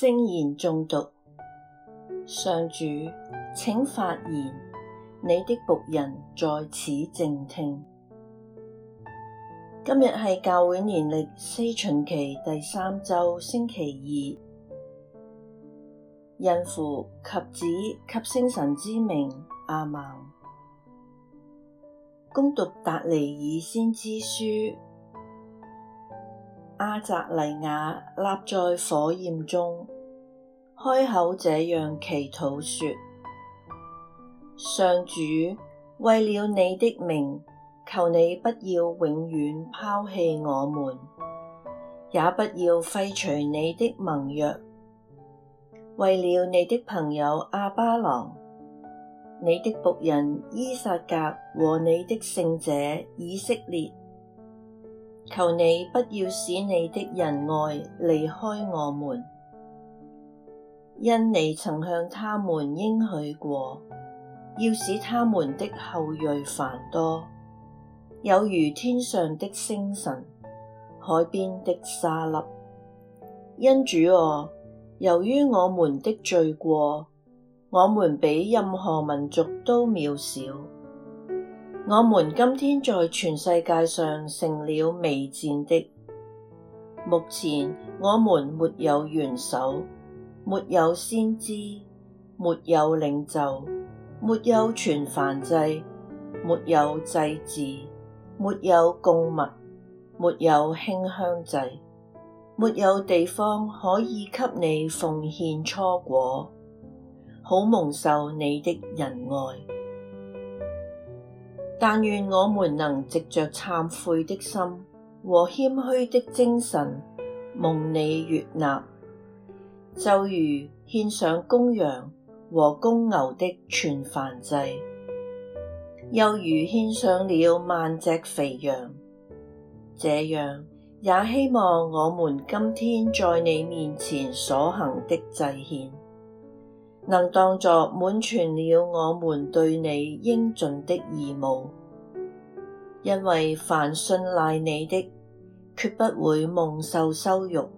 聖言誦讀，上主，請發言，你的僕人在此靜聽。今日係教會年曆四旬期第三周星期二，因父及子及聖神之名阿孟，恭讀達尼爾先知書。阿匝黎雅立在火焰中，開口這樣祈禱說：上主，為了你的名，求你不要永遠拋棄我們，也不要廢除你的盟約。為了你的朋友亞巴郎、你的僕人依撒格和你的聖者以色列。求你不要使你的仁愛離開我們，因你曾向他們應許過，要使他們的後裔繁多，有如天上的星辰、海邊的沙粒。恩主啊，由於我們的罪過，我們比任何民族都渺小。我們今天在全世界上成了微賤的。目前我們沒有元首，沒有先知，沒有領袖，沒有全燔祭，沒有祭祀，沒有供物，沒有馨香祭，沒有地方可以給你奉獻初果，好蒙受你的仁愛。但願我們能藉着懺悔的心和謙虛的精神蒙你悅納，就如獻上公羊和公牛的全燔祭，又如獻上了萬隻肥羊。這樣，也希望我們今天在你面前所行的祭獻。能當作滿全了我們對你應盡的義務，因為凡信賴你的，決不會蒙受羞辱。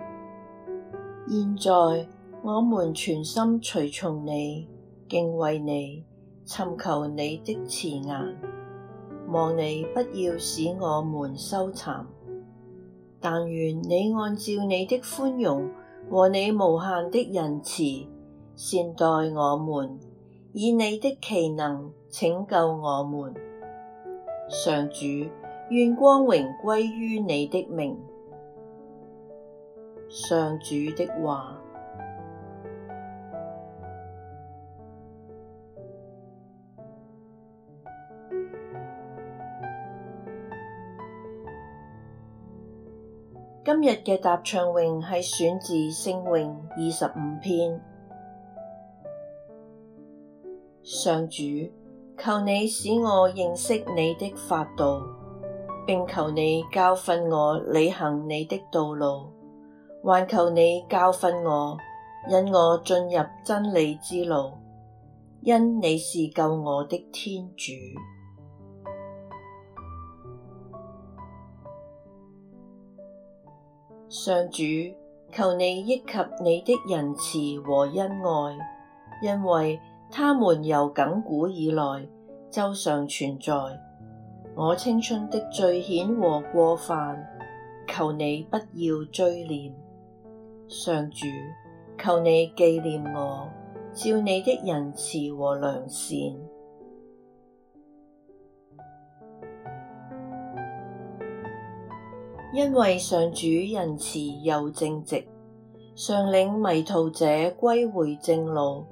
現在我們全心隨從你，敬畏你，尋求你的慈顏，望你不要使我們羞慚。但願你按照你的寬容和你無限的仁慈。善待我們，以你的奇能拯救我們。上主，願光榮歸於你的名。上主的話，今日嘅答唱詠係選自聖詠二十五篇。上主，求你使我認識你的法度，並求你教訓我，履行你的道路，還求你教訓我，引我進入真理之路。因你是救我的天主。上主，求你憶及你的仁慈和恩愛，因為。他們由亘古以來就常存在。我青春的罪愆和過犯，求你不要追念。上主，求你記念我，照你的仁慈和良善，因為上主仁慈又正直，常領迷途者歸回正路。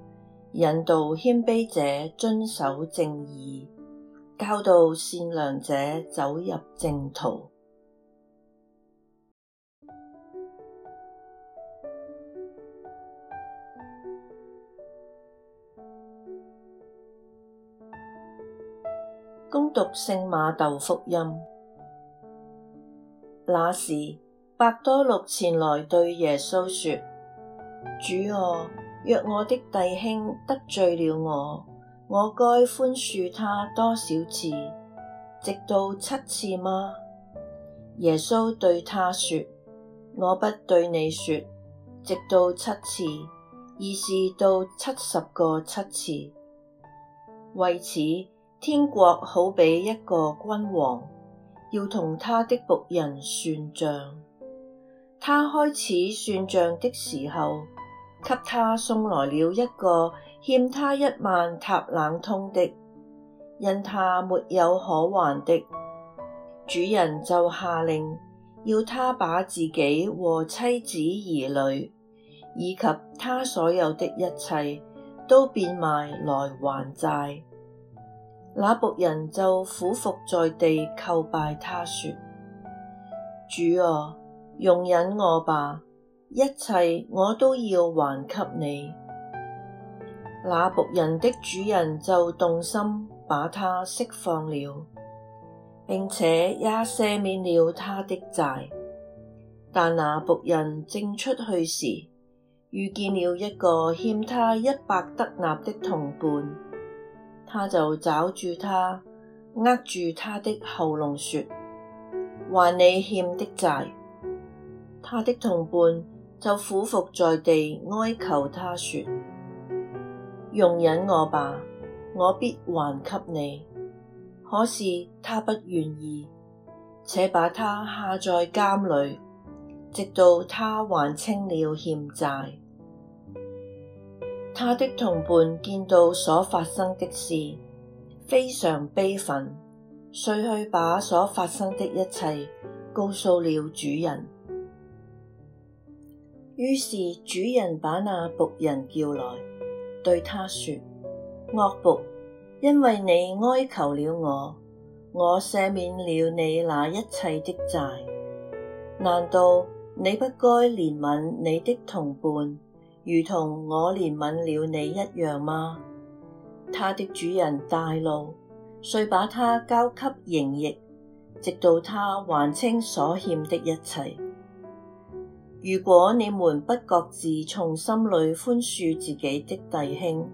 引導謙卑者遵守正義，教導善良者走入正途。恭讀聖馬竇福音。那時，伯多祿前來對耶穌說：主我。若我的弟兄得罪了我，我該寬恕他多少次？直到七次嗎？耶穌對他說：我不對你說，直到七次，而是到七十個七次。為此，天國好比一個君王，要同他的僕人算賬。他開始算賬的時候。給他送來了一個欠他一萬塔冷通的，因他沒有可還的，主人就下令，要他把自己和妻子兒女，以及他所有的一切，都變賣來還債。那僕人就俯伏在地叩拜他說：主啊，容忍我吧！一切我都要還給你。那僕人的主人就動心，把他釋放了，並且也赦免了他的債。但那僕人正出去時，遇見了一個欠他一百德納的同伴，他就抓住他，扼住他的喉嚨，說：還你欠的債。他的同伴就俯伏在地哀求他說：容忍我吧，我必還給你。可是他不願意，且把他下在監裏，直到他還清了欠債。他的同伴見到所發生的事，非常悲憤，遂去把所發生的一切告訴了主人。於是主人把那僕人叫來，對他說：惡僕，因為你哀求了我，我赦免了你那一切的債。難道你不該憐憫你的同伴，如同我憐憫了你一樣嗎？他的主人大怒，遂把他交給刑役，直到他還清所欠的一切。如果你們不各自從心裡寬恕自己的弟兄，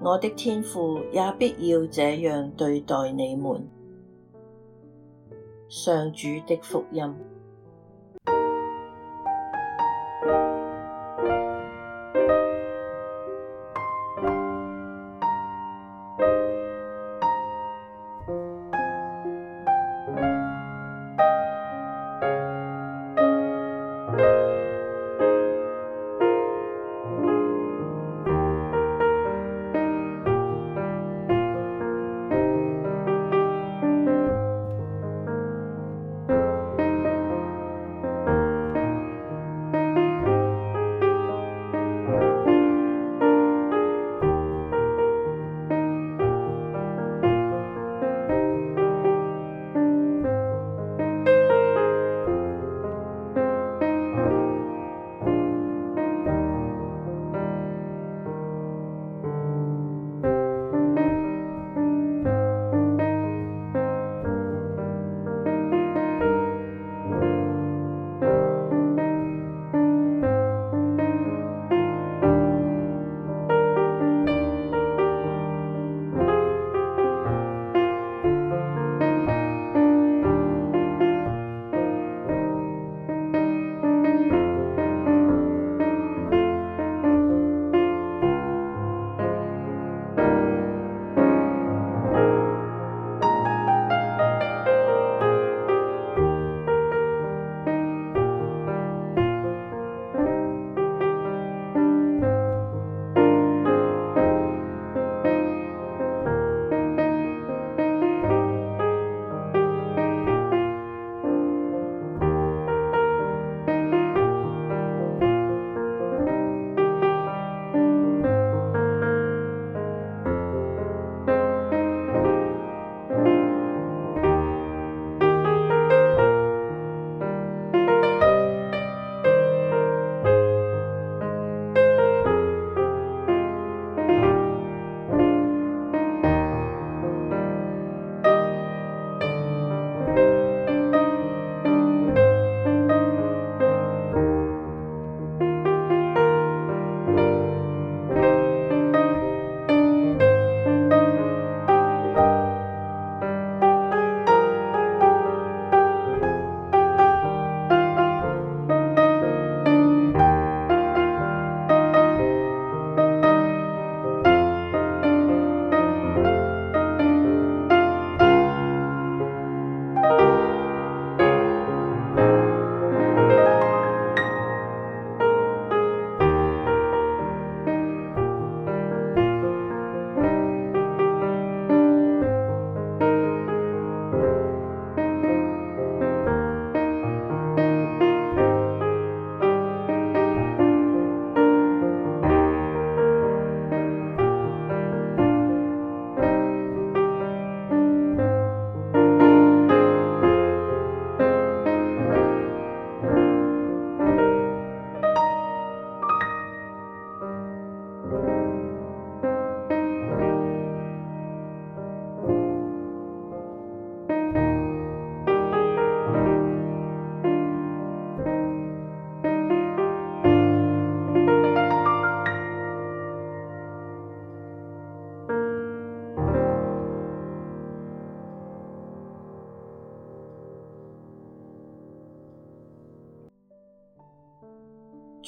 我的天父也必要這樣對待你們。上主的福音。